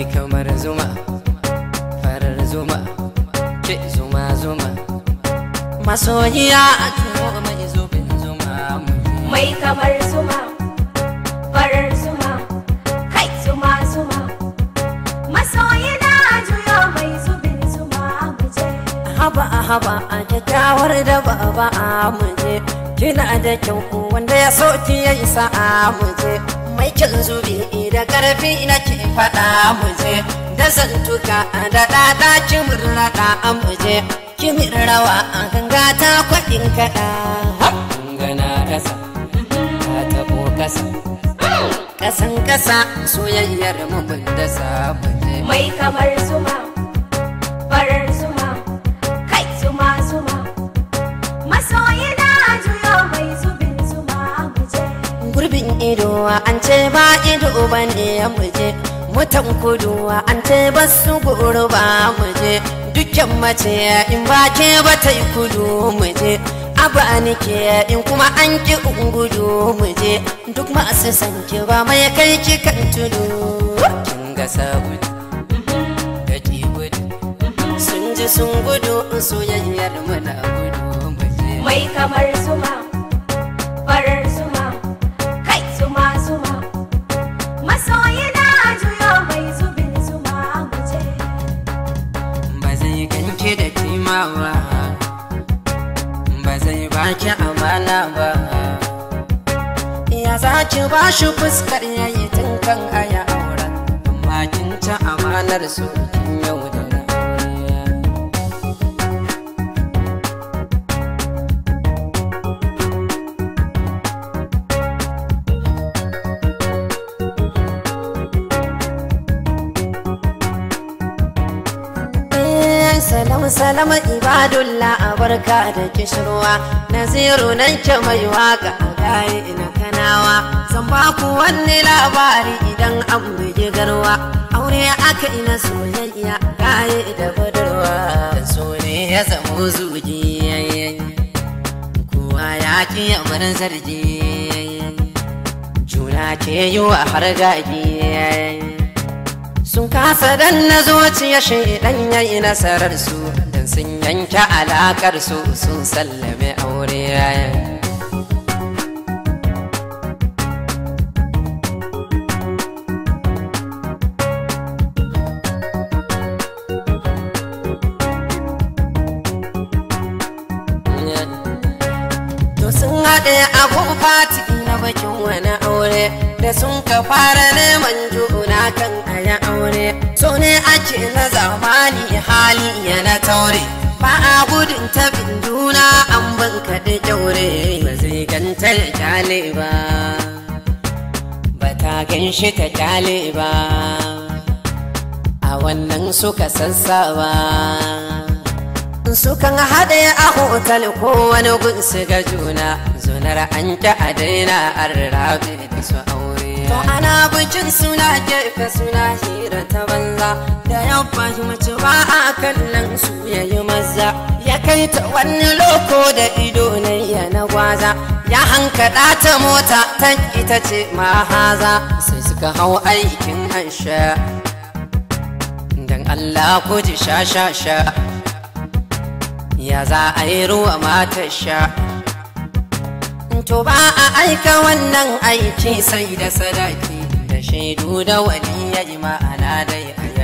yi kamar zuma farar zuma ce zuma zuma masoyiya a tuwo mai zubin zuma mai kamar zuma farar zuma kai zuma zuma masoyina a juyo mai zubin zuma haba a haba a kyakkyawar da ba a muje kina da kyau wanda ya soki ya isa a muje mai kin zubi da karfi nake faɗa muje da zantuka da ɗaɗa ki raɗa muje ki rawa an ganga ta kwaɗin kaɗa. Gana kasa, ta taɓo kasa. Kasan kasa soyayyar mu mun da muje. Mai kamar zuma. ido an ce ba ido ba ne ya muje mutan kudu an ce ba su goro ba muje dukkan mace in ba ke ba ta yi kudu muje aba nike in kuma an ki in gudu muje duk masu sanke ba mai kai ki kan tudu kin ga sabu da ki gudu sun ji sun gudu soyayyar mana gudu mai kamar ba ba zai baki amana ba ya za ki ba shi fuskar yayi tun kan aya auren amma kin ci amanar su salam salam ibadullah abarka da kishirwa naziru nan ce mai waka a gaye ina kanawa zan ba ku wani labari idan an bugi garwa aure aka ina soyayya gaye da budurwa so ne ya samu zuji kowa ya ki yamarin zargi juna ce yi wa har gaji sun kasa dan na zuciya shaidan yi nasarar su dan sun yanke alakar su sun sallame aure yaya sun haɗe fati na bakin wani aure da sun ka fara neman juna kan ce na zamani hali ya na taure ba a gudun tabin juna an banka da jaure ba zai ganta da kyale ba ba ta gan shi ta kyale ba a wannan suka sassa sassaba sukan haɗe a hotel ko wani gunsu ga juna zunar an ta a daina an rabe da su to ana bikin suna gefe suna hira ta banza da ya fahimci ba a kallon su ya yi maza ya kai ta wani loko da ido na ya na gwaza ya hankada ta mota ta ita ce mahaza sai suka hau aikin hansha dan Allah ku ji sha sha sha ya za a yi ruwa matar sha to ba a aika wannan aiki sai da sadaki da shaidu da waliyai ma'ana dai a